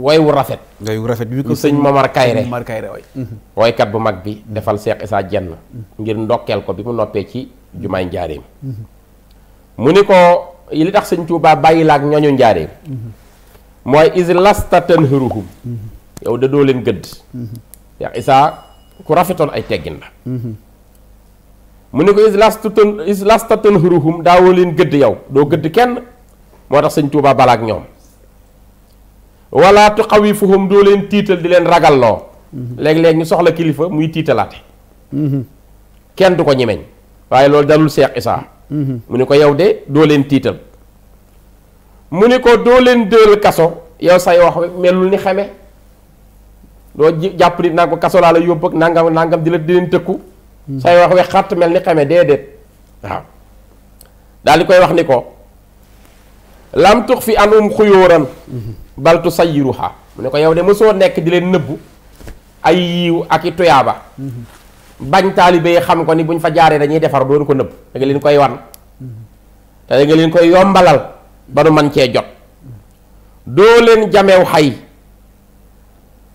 way wu rafet. way rafet bi sëñ Momar Kayre Momar mhm. bu mag bi defal Cheikh Issa Diène ngir ndokkeel ko bi mu noppee ci jumaay njaareem. Mhm. mu ni ko li tax sëñ Touba bàyyi la ak ñooñu njaareem. Mhm. mooy is lasta tanharuhum yow da doo leen gëdd. Cheikh Issa ku rafetoon ay teggin la. mu ni ko is lasta tan is lasta tanharuhum daawoo leen gëdd yow doo gëdd kenn moo tax sëñ Touba bala ak ñoom. wala tuxawifuhum doo leen tiital di leen ragalloo mhm. léeg-léeg ñu soxla kilifa muy tiitalaate mhm. kenn du ko ñemeñ waaye loolu dalul Seex Isaa mhm. mu ni ko yaw de doo leen tiital mu ni ko doo leen dëral kaso yow say wax melul ni xeme doo jàpp nit naan ko kaso laa la yóbbu nangam nangam di la di leen tëkku say wax we xàtt mel ni xeme déedéet waaw daal di koy wax ni ko lam tux fi an um xuyóoran bal tusayyiruha mu ne ko yow de mosoo nekk di leen nëbbu ay yiiw ak i tuyaaba bañ taalibe xam ko ni buñ fa jaaree dañuy defar doon ko nëbb da nga leen koy wan te nga leen koy yombalal ba nu man cee jot doo leen jamew xay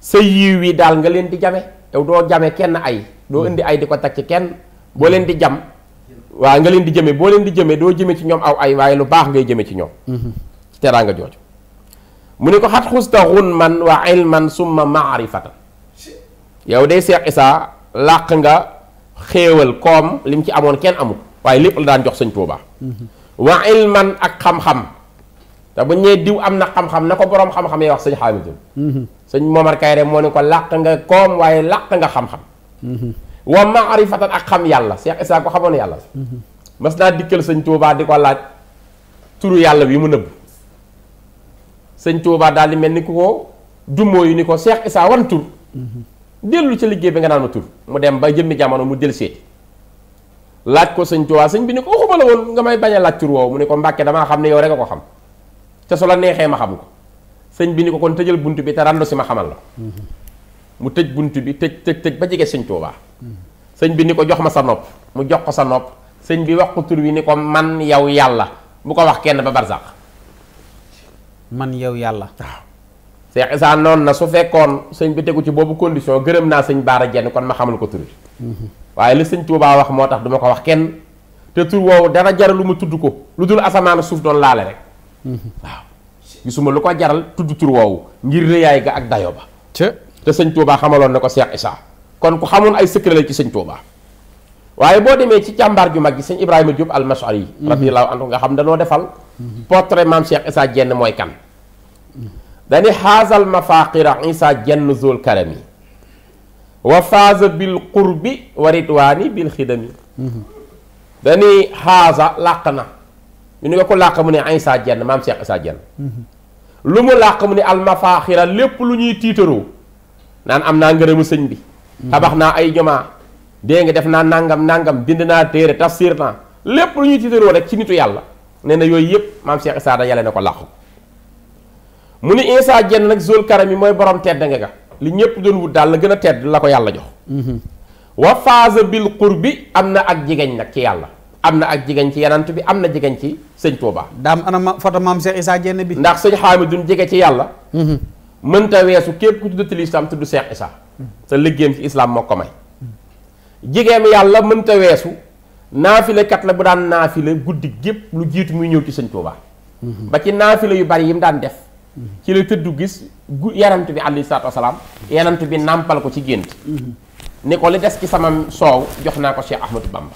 sa yiiw yi daal nga leen di jame yow doo jame kenn ay doo indi ay di ko takk ci kenn boo leen di jam waaw nga leen di jëme boo leen di jëme doo jëme ci ñoom aw ay waaye lu baax ngay jëme ci ñoom mhm. ci teraanga jooju mu ne ko xat xusta xunman wa ilman summa maarifatan yow day Seex Isaa làq nga xéewal koom lim ci amoon kenn amul waaye lépp la daan jox sañ Tuubaa wa ilman ak xam-xam te bu ñee diw am na xam-xam na ko boroom xam-xam yi wax sañ Xaamidu sëñ Momar Kayre moo ne ko làq nga koom waaye làq nga xam-xam wa maarifatan ak xam yàlla Seex Isaa ko xamoon yàlla mas naa dikkal sëñ Tuubaa di ko laaj turu yàlla bi mu nëbb sëñ Tuubaa daal di mel ni ko dummoo yu ni ko Cheikh Issa wan tur mhm. dellu ci liggéey bi nga naan ma tur mu dem ba jëmmi jamono mu del seeti laaj ko sëñ Tuubaa sëñ bi ni ko nga may bañ a laaj tur Mbàkke damaa xam ne yow ko xam te su neexee ma xam ko sëñ bi ko kon tëjal bunt bi te randu si ma xamal la mhm. mu tëj bunt bi tëj tëj tëj ba jege sëñ Tuubaa mhm. sëñ bi ni ko jox ma sa nopp mu jox ko sa nopp sëñ bi wax ko tur wi ni ko man yow yàlla bu ko wax kenn ba barzaq man yow yàlla waaw Cheikh Issa noonu na su fekkoon sëñ bi tegu ci boobu condition gërëm naa sëñ Baara Jenn kon ma xamal ko tur mhm. waaye li sëñ Tuubaa wax moo tax duma ko wax kenn te tur woowu dara jaral lu ma tudd ko lu dul asamaan suuf doon laale rek mhm. waaw gisuma lu ko jaral tudd tur woowu ngir rëyaay ga ak dayo ba te sëñ Tuubaa xamaloon ne ko Cheikh Issa kon ku xamoon ay secret la ci sëñ Tuubaa waaye boo demee ci jàmbaar ju mag gi sëñ Ibrahima Diop almasari yi mhm. radiyallahu anhu nga xam danoo defal mhm. portrait maam Cheikh Issa jenn mooy kan mhm. dani xaasal mafaqira Issa Diène zul karami wa faaza bil qurbi wa ridwaani bil xidami dani xaasa làq na ñu ni nga ko làq mu ne Issa Diène maam Cheikh Issa Diène lu mu làq mu ne almafaaxira lépp lu ñuy tiitaroo naan am naa ngërëmu sëñ bi tabax naa ay jumaa dee nga def naa nangam nangam bind naa téere tafsir naa lépp lu ñuy tiitaroo rek ci nitu yàlla nee na yooyu yëpp maam Cheikh Issa da yàlla ne ko làqu mu ni Issa Diène nag zol karam yi mooy borom tedd nga ga li ñëpp doon wut daal la gën a tedd la ko yàlla jox mhm. wa faasa bil qurbi am na ak jigéen nag ci yàlla am na ak jigéen ci yenant bi am na jigéen ci sëñ Touba. daam ana foto maam Cheikh Issa jenn bi ndax sëñ Xaamidun jege ci yàlla mhm. mënta weesu képp ku tuddati lislaam tudd Cheikh Issa sa mhm. liggéeyam ci islaam moo ko may jigéen yàlla mënta weesu naafile kat la bu daan naafile guddi gépp lu jiitu muy ñëw ci sëñ Tuubaa mhm. ba ci naafile yu bari yi mu daan def mhm. ci la tëddu gis gu yanant bi alayhi salaatu wasalaam yanant bi nàmpal ko ci gént mhm. ni ko li des ci sama soow jox naa ko Cheikh Ahmadou Bamba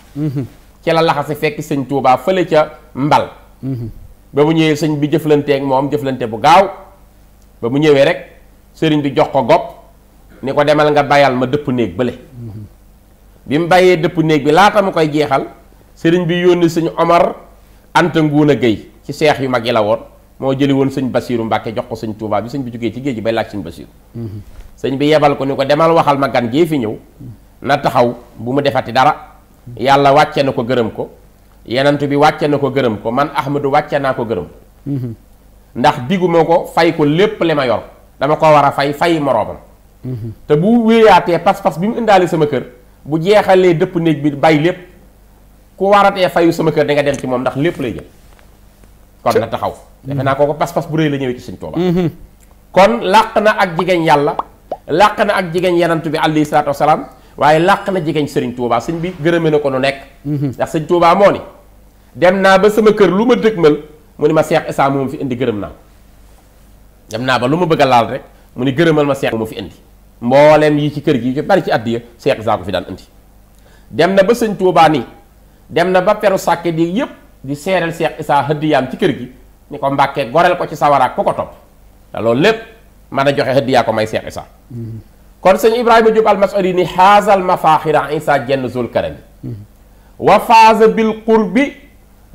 ci la laxase fekk sëñ Tuubaa fële ca mbal ba mu ñëwee sëñ bi jëflanteek moom jëflante bu gaaw ba mu ñëwee rek sëriñ bi jox ko gopp ni ko demal nga bayal ma dëpp néeg bële bi mu bàyyee dëpp néeg bi laata mu koy jeexal sëriñ bi yónni sëñ Omar Anta a Gueye ci seex yu mag yi la woon moo jëli woon sëñ Basiiru Mbàkke jox ko sëñ Tuubaa bi sëñ bi jugee ci géej gi bay laaj sëñ Basiiru mm-hmm. sëñ bi yebal ko ni ko demal waxal ma gan gee fi ñëw na taxaw bu mu defati dara mm-hmm. yàlla wàcce na ko gërëm ko yenantu bi wàcce na ko gërëm ko man Ahmadu wàcce naa ko gërëm ko mm-hmm. ndax diguma ko fay ko lépp li ma yor dama ko war a fay fay moroomam te bu wéyaatee pas-pas bi mu indaale sama kër bu jeexalee dëpp néeg bi bàyyi lépp ku waaratee fayu sama kër da nga dem ci moom ndax lépp lay jël kon na taxaw defe naa koo ko pas-pas bu rëy la ñëwee ci sëñ Tuuba mm-hmm. kon làq na ak jigéen yàlla làq na ak jigéen yenantu bi alayhi salaatu wasalaam waaye làq na jigéen sëriñ Tuuba sëñ bi gërëme na ko nu nekk mm-hmm. ndax sëñ Tuuba moo ni dem naa ba sama kër lu ma dëgmal mu ni ma Seex Isaa moom fi indi gërëm naa dem naa ba lu ma bëgg laal rek mu ni gërëmal ma Seex moom fi indi mboolem yi ci kër gi yu bari ci addiya seex saa ko fi daan indi dem na ba sëñ Tuubaa nii dem na ba peru sàkke di yépp di seereel seex isaa hëddiyaam ci kër gi ni ko mbàkkee goreel ko ci sawaraak ku ko topp te loolu lépp mën a joxe hëddiyaa ko may seex isaa kon sëñ ibrahima Diop almasari ni xaasal mafaaxira isa jenn zul karami wa faasa bil qurbi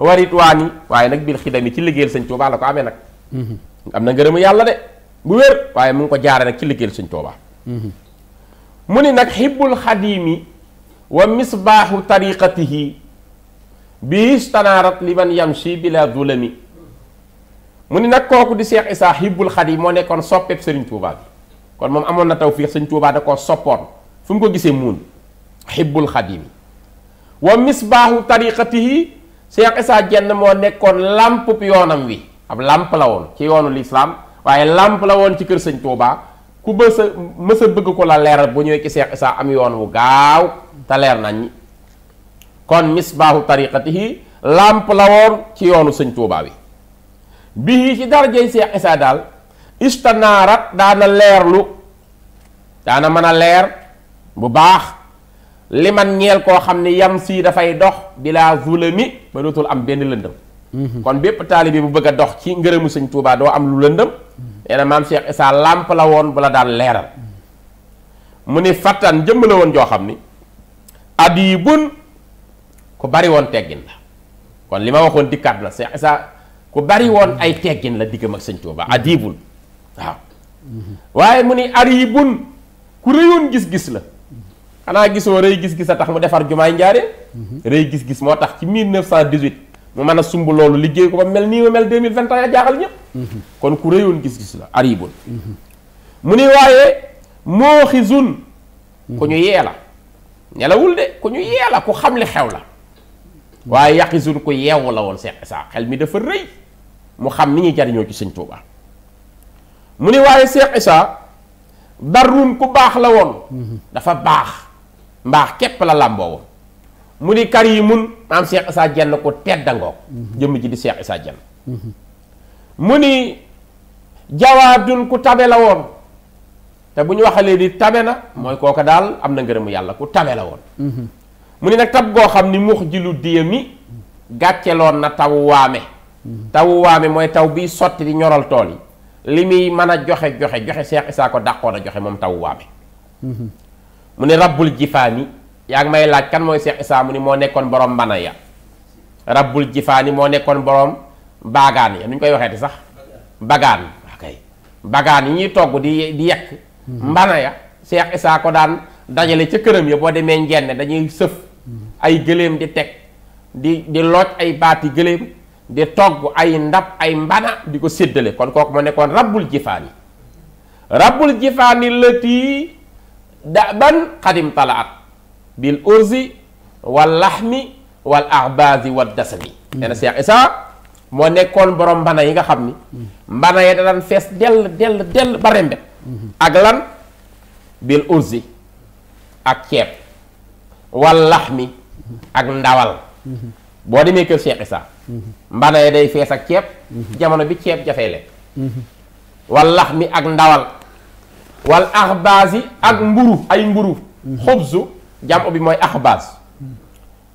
wa ridwaani waaye nag bil xidami ci liggéeyal sañ Tuubaa la ko amee nag mhm. am na ngërëmu yàlla de bu wér waaye mu ko jaare nag ci liggéeyal sëñ Tuubaa mu ni nag xibbul xadiimi wa misbaaxu tariqatihi bi istanaarat liman yamshi bila dulami mu ni nag kooku di Cheikh Issa xibbul xadiim moo nekkoon soppeeb Serigne Touba bi kon moom amoon na tawfiix Serigne Touba da koo soppoon fu mu ko gisee muun xibbul xadiimi wa misbaaxu tariqatihi Cheikh Issa Diène moo nekkoon làmp yoonam wi ab làmp la woon ci yoonu lislaam waaye làmp la woon ci kër Sëñ Touba. ku bës a mës bëgg ko la leeral bu ñëwee ci Seex am yoon wu gaaw te leer nañ kon misbaahu tariqatihi làmp la woon ci yoonu sëñ Tuubaa bi bii ci dara Seex Isaa daal istanaarat daana leerlu daana mën a leer bu baax liman man ñeel koo xam ne yam sii dafay dox bilaa zulami ba dootul am benn lëndëm mhm. kon bépp taalibe bu bëgg a dox ci ngërëmu sëñ Tuubaa doo am lu lëndëm nee na maam Cheikh Issa làmp la woon bu la daan leeral mu ni fattan jëmm la woon joo xam ni adibun ku bari woon teggin la kon li ma waxoon dikkaat na Cheikh Issa ku bari woon ay teggin la diggam ak sëñ ba adibun waaw waaye mu ni aribun ku rëyoon gis-gis la xanaa gisoo rëy gis-gis a tax mu defar jumaay njaaree mm-hmm. rëy gis-gis moo tax ci 1918 mu mën a sumb loolu liggéey ko ba mel nii ma mel 2021 jaaxal ñëpp mhm. kon ku réyoon gis-gis la aribun mhm. mu ni waaye mooxizun mhm. ku ñu yee la ñelawul de ku ñu yee la ku xam li xew la waaye yaqizun ku yeewu la woon Seex Isaa xel mi dafa rëy mu xam ni ñuy jariñoo ci sëñ Tuubaa mu ni waaye Seex Isaa darrun ku baax la woon dafa baax mbaax képp la làmboo woon mu ni kar yi mun maam Cheikh Issa Diène ko teddangook mhm. jëmm ji di Cheikh Issa Diène mhm. mu ni jawaadun ku tabe la woon te bu ñu waxalee di tabe na mooy kooka daal am na ngërëmu yàlla ku tabe la woon mhm. mu ni nag tab goo xam ni mux ji lu diyami gàcceloon na taw waame tawu waame mooy taw biy sotti di ñoral tool yi li muy mën a joxe joxe joxe Cheikh Issa ko dàqoon a joxe moom tawu waame mu ni rabbul jifaani yaa ngi may laaj kan mooy Cheikh Issa mu ni moo nekkoon borom mbana ya rabbul yi moo nekkoon boroom baagaan ya nu ñu koy waxeeti sax bagaan kay bagaan yi ñuy togg di di yekk mhm. mbana ya Cheikh Issa ko daan dajale ca këram ya boo demee njenne dañuy sëf mhm. ay gëléem di teg di di looj ay baati gëléem di togg ay ndab ay mbana di ko séddale kon kooku moo nekkoon rabbul jifaani rabbul jifaani lëtii da ban xadim talaat bil urzi wal laxmi wal ahbaasi wad dasami nee na Cheikh moo nekkoon borom mbana yi nga xam ni mm. mbana yi da daan fees dell dell dell ba rembet mm-hmm. ak lan bil urzi ak ceeb wal laxmi mm-hmm. ak ndawal mm-hmm. boo demee kër Cheikh mbana yi day fees ak ceeb jamono bi ceeb jafee lekk wal ak ndawal wal ahbaasi ak mburu ay mburu xubsu jàmm bi mooy axbaas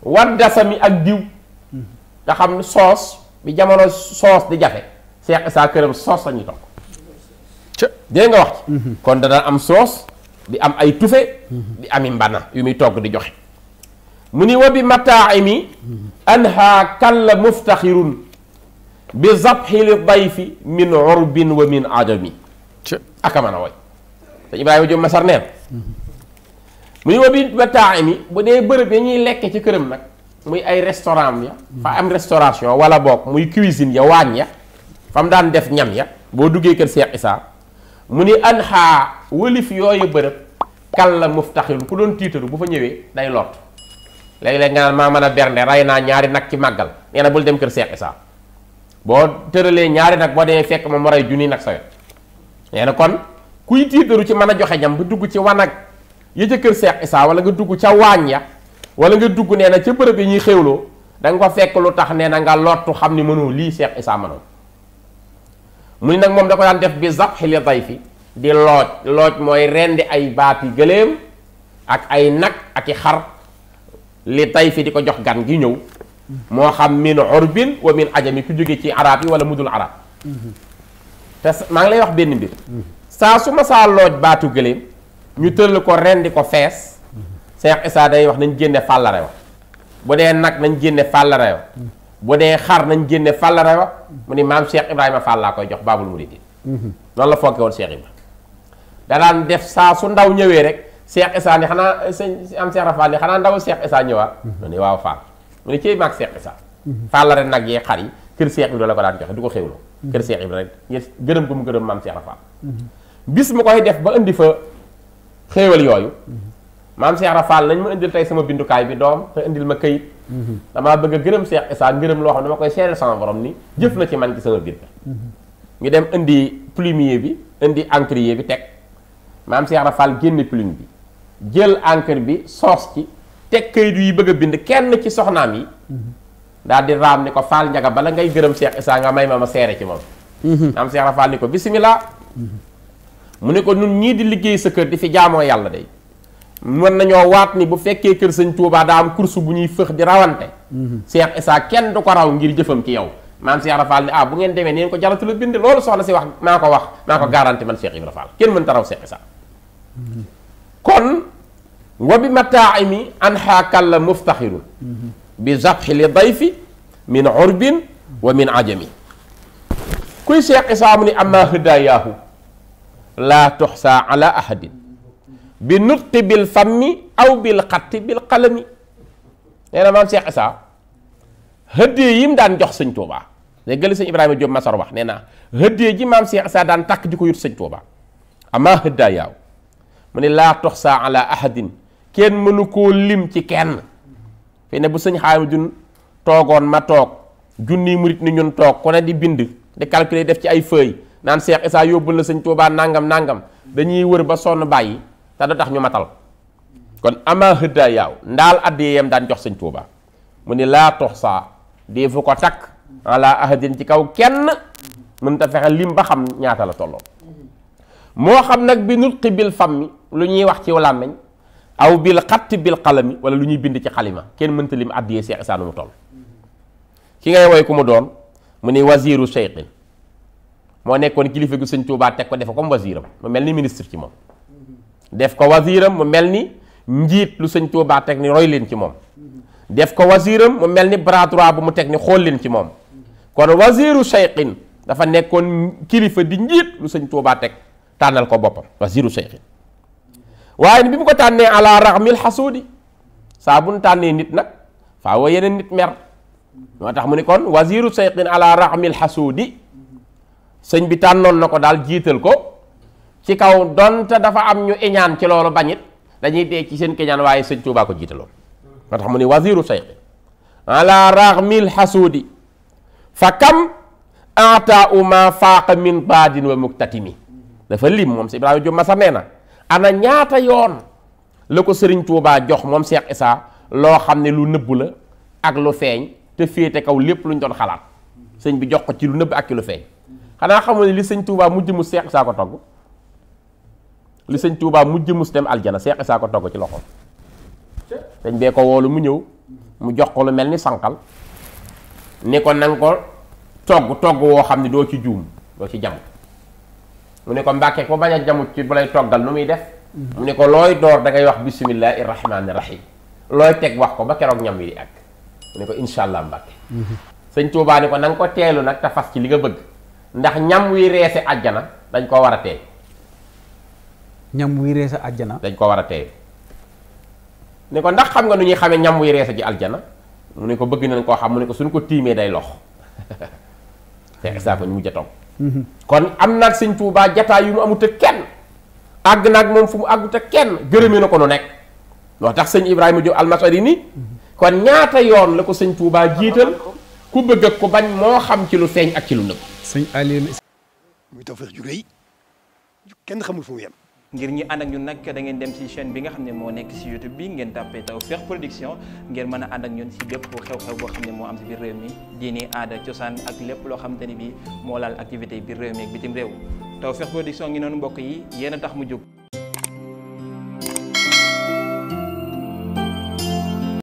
war mi ak diw nga xam soos bi jamono soos di jafe Cheikh Issa këram soos la ñuy dégg nga wax ci mhm. kon dana am soos di am ay tufe mhm. di ami mbana yu muy togg di joxe mu ni wa bi mataimi mhm. anha kalla muftaxirun bi zabxi li dayfi min urbin wa min ajami ak a mën a woy sëñ Ibrahima Masar neen muy wabi ba temps mi bu dee bërëb ya ñuy lekk ci këram nag muy ay restaurant ya fa am restauration wala boog muy cuisine ya waañ ya fa mu daan def ñam ya boo duggee kër Cheikh Issa mu ni anxaa wëlif yooyu bërëb kal la muftaxil ku doon tiitaru bu fa ñëwee day lot léeg-léeg nga naan maa mën a bernde rey naa ñaari nag ci màggal nee bul dem kër Cheikh Issa boo tëralee ñaari nag boo demee fekk ma mu rey junni nag sa wet kon kuy tiitaru ci mën a joxe ñam bu dugg ci wanag ya kër Seex Isaa wala nga dugg ca waañ ya wala nga dugg nee na ca bërëb yi ñuy xéwloo da nga ko fekk lu tax nee na nga lottu xam ni mënoo lii Seex Isaa mënoon mu ni nag moom da ko daan def bi zabxi li fi di looj looj mooy rendi ay baati gëléem ak ay nag ak i xar li tay fi di ko jox gan gi ñëw moo xam min urbin wa min ajami ku jóge ci arab yi wala mudul arab mm-hmm. te maa ngi lay wax benn mbir saa su ma saa looj baatu gëléem ñu tëll ko rendi ko fees Cheikh Issa day wax nañ génne fàllare wa bu dee nag nañ génne fàllare wa bu dee xar nañ génne fàllare wa mu ni maam Cheikh Ibrahima Fall laa koy jox baabul noonu la fokke woon Cheikh Ibrahima def saa ndaw ñëwee rek Cheikh Issa ni xanaa sëñ am Cheikh Rafal ni xanaa ndaw Cheikh Issa ñëwaat mu ni waaw Fall mu fàllare nag yee xar yi kër Cheikh Ibrahima la ko daan joxe du ko xewloo kër Cheikh Ibrahima rek gërëm ko mu gërëm maam Cheikh Rafal bis mu koy def ba indi fa xéewal yooyu maam Cheikh Rafaal nañ ma indil tey sama bindukaay bi doom te indil ma kayit damaa bëgg gërëm Cheikh Issa ngërëm loo xam ne dama koy seere sama borom ni jëf na ci man ci sama bind ñu dem indi plumier bi indi encrier bi teg maam Cheikh Rafaal génne plume jël encre bi soos ci teg kayit yi bëgg a bind kenn ci soxnaam yi daal di raam ni ko faal njaga bala ngay gërëm seex Issa nga may ma ma seere ci moom mhm. maam Cheikh Rafaal ni ko bisimilah mu ne ko nun ñii di liggéey sa kër di fi jaamoo yàlla day mën nañoo waat ni bu fekkee kër sëñ Touba daa am course bu ñuy fëx di rawante mhm. Cheikh Issa kenn du ko raw ngir jëfam ci yow maam Cheikh Ibra Fall ah bu ngeen demee neen ko jaratu la bind loolu soxna si wax maa ko wax maa ko garanti man Cheikh Ibra Fall kenn mën ta raw Cheikh Issa mhm. bi mataaimi anxaakal la muftaxirun mhm. bi zabxi li dayfi min urbin wa min ajami kuy Cheikh Issa mu ni amma hëddaayaahu laa tuxsa ala ahadin bi nutqi bil fammi aw bil xatti bil qalami nee maam Cheikh Issa hëddee yim daan jox sëñ Tuuba léegi li sëñ Ibrahima Diop Masar wax nee na hëddee ji maam Cheikh Issa daan takk di ko yut sañ Tuuba amaa hëddaa yaaw mu ne laa tuxsa ala ahadin kenn mënu koo lim ci kenn fii ne bu sëñ xaami jun toogoon ma toog junni murit ni ñun toog ku ne di bind di calculer def ci ay feuilles naan Cheikh Issa yóbbul la sëñ Tuubaa nangam nàngam dañuy wër ba sonn bàyyi te da tax ñu matal kon ama hëdda yaaw ndaal addiyeem daan jox sëñ Tuubaa mu ni laa tox saa dee fu ko takk ala ahadin ci kaw kenn mën ta fexe lim ba xam ñaata la tolloo moo xam nag bi nut xi bil fammi lu ñuy wax ci làmmiñ aw bil xatti bil xalami wala lu ñuy bind ci xalima kenn mënta lim addiyee Cheikh Issa nu mu toll ki ngay woy ku mu doon mu ni wasiru cheikhin moo nekkoon kilifa gu sëñ Tuubaa teg ko defe comme wasiiram mu mel ni ministre ci moom def ko wasiiram mu mel ni njiit lu sëñ Tuubaa teg ni roy leen ci moom def ko wasiiram mu mel ni bras droit bu mu teg ni xool leen ci moom kon wasiiru cheyqin dafa nekkoon kilifa di njiit lu sëñ Tuubaa teg tànnal ko boppam wasiiru cheyqin waaye bi mu ko tànnee ala raxmil xasuudi saa bu nu tànnee nit nag faawa yeneen nit mer moo tax mu ni kon wasiiru cheyqin ala raxmil sëñ bi tànnoon na ko daal jiital ko ci kaw donte dafa am ñu iñaan ci loolu bañit dañuy dee ci seen kiñaan waaye sëñ Tuubaa ko jiitaloon moo tax mu ni waziru sayxi ala raxmil dafa lim moom si Ibrahima nee na ana ñaata yoon la ko sëriñ Tuubaa jox moom Cheikh Issa loo xam ne lu nëbb la ak lu feeñ te féete kaw lépp luñ doon xalaat sëñ bi jox ko ci lu nëbb ak ci lu feeñ xanaa xamoo ne li sëñ Touba mujj mu Seex Isaa ko togg li sëñ Touba mujj mu dem aljana Seex Isaa ko togg ci loxoom sëñ bee ko woo lu mu ñëw mu jox ko lu mel ni sànqal ne ko nanga ko togg togg woo xam ne doo ci juum doo ci jam mu ne ko mbàkke ko bañ a jamu ci bu lay toggal nu muy def mu ne ko looy door da ngay wax bisimillahi rahmaani rahim looy teg wax ko ba keroog ñam wi di ak mu ne ko incha allah mbàkke mm-hmm. sëñ ne ko na ko teelu nag te fas ci li nga bëgg ndax ñam wi reese àjjana dañ koo war a teey ñam wuy reese àjjana dañ koo war a teey ne ko ndax xam nga nu ñuy xamee ñam wuy reese ji aljana mu ne ko bëgg nañ koo xam mu ne ko suñ ko tiimee day lox te isa ko ñu mujj a mhm. kon am naag sëñ Tuubaa jataay yu mu amut ak kenn àgg naag moom fu mu àggut kenn gërëmee na ko nu nekk noo tax sëñ Ibrahima Jóob almasari ni mhm. kon ñaata yoon la ko sëñ Tuubaa jiital ku bëgg ak ku bañ moo xam ci lu feeñ ak ci lu nëbb. sëñ Alioune. muy Tawfekh ju rëy kenn xamul fu mu yem. ngir ñi ànd ak ñun nag da ngeen dem ci chaine bi nga xam ne moo nekk ci YouTube bi ngeen tàppee Tawfekh Production ngeen mën a ànd ak ñun ci bépp xew-xew boo xam ne moo am ci biir réew mi diini aada cosaan ak lépp loo xamante ni bii moo laal activité biir réew mi ak bitim réew Tawfekh Production ngi noonu mbokk yi yéen a tax mu jóg.